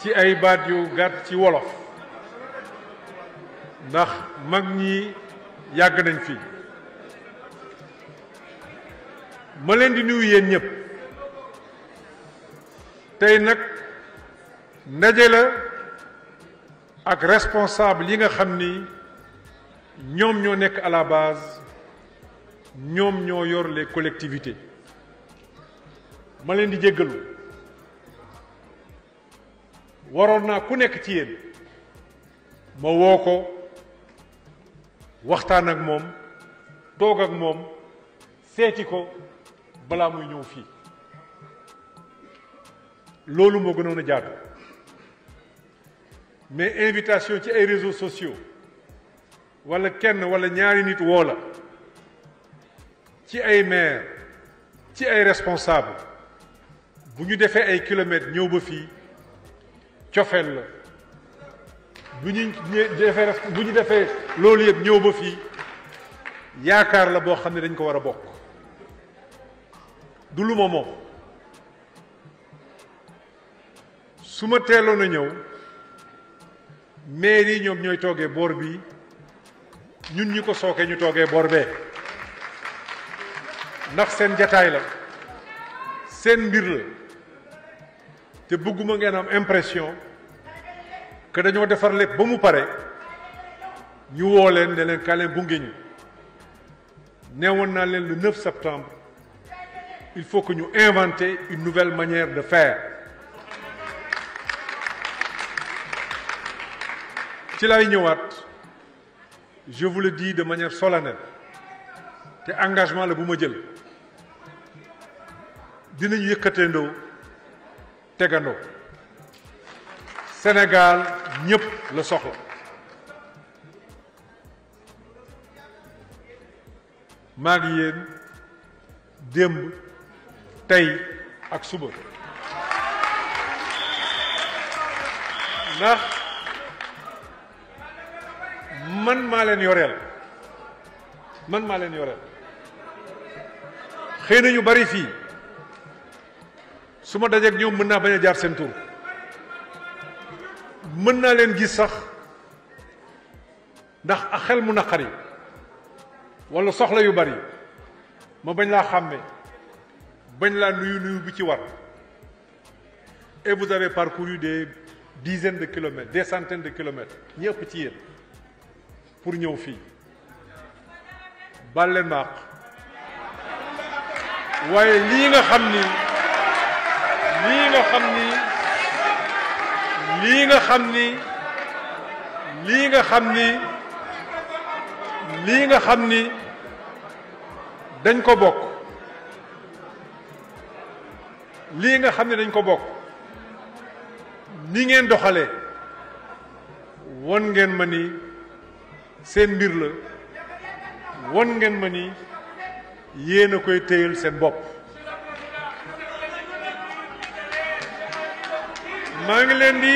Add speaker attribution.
Speaker 1: ci ay baat yu gàtt ci wolof ndax mag ñi yàgg nañ fi ma leen di nuyu yéen ñëpp tey nag ndaje la ak responsable yi nga xam ni ñoom ñoo nekk à la base ñoom ñoo yor les collectivités ma leen di jéggalu waroon naa ku nekk ci yéen ma woo ko waxtaan ak moom toog ak moom seeti ko balaa muy ñëw fii loolu moo gënoon a jaadu mais invitation ci ay réseaux sociaux wala kenn wala ñaari nit woo la ci ay maire ci ay responsable bu ñu defee ay kilomètres ñëw ba fii cofeel la bu ñu defee bu ñu defee loolu yëpp ñëw ba fii yaakaar la boo xam ne dañ ko war a bokk du lu ma moom su ma teeloon a ñëw mais yi ñoom ñooy toogee boor bi ñun ñi ko sookee ñu toogee boor bee ndax seen jataay la seen mbir la te bëgguma ngeen am impression que dañoo defar lépp ba mu pare ñu woo leen ne leen kaa leen gunge neewoon naa leen le 9 septembre il faut que ñu inventer une nouvelle manière de faire ci lay ñëwaat je vous le de manière solennelle te engagement la bu ma jël dina yëkkatee ndoo tegandoo Sénégal ñépp la soxla maa yéen démb tey ak suba ndax man maa leen yoreel man maa leen yoreel xëy na ñu bari fii su ma dajeek ñoom mën naa bañ a jaar seen tur mën naa leen gis sax ndax a xel mu naqari wala soxla yu bari ma bañ laa xàmme bañ laa nuyu nuyu bu ci war et vous avez parcouru des dizaines de kilomètres des centaines de kilomètres ñi ci yéen pour ñëw fii baal leen ma àq waaye lii nga xam ni lii nga xam ni lii nga xam ni lii nga xam ni lii nga xam ni dañ ko bokk lii nga xam ni dañ ko bokk ni ngeen doxale won ngeen ma ni seen mbir la won ngeen ma ni yéen a koy téyal seen bopp maa ngi leen di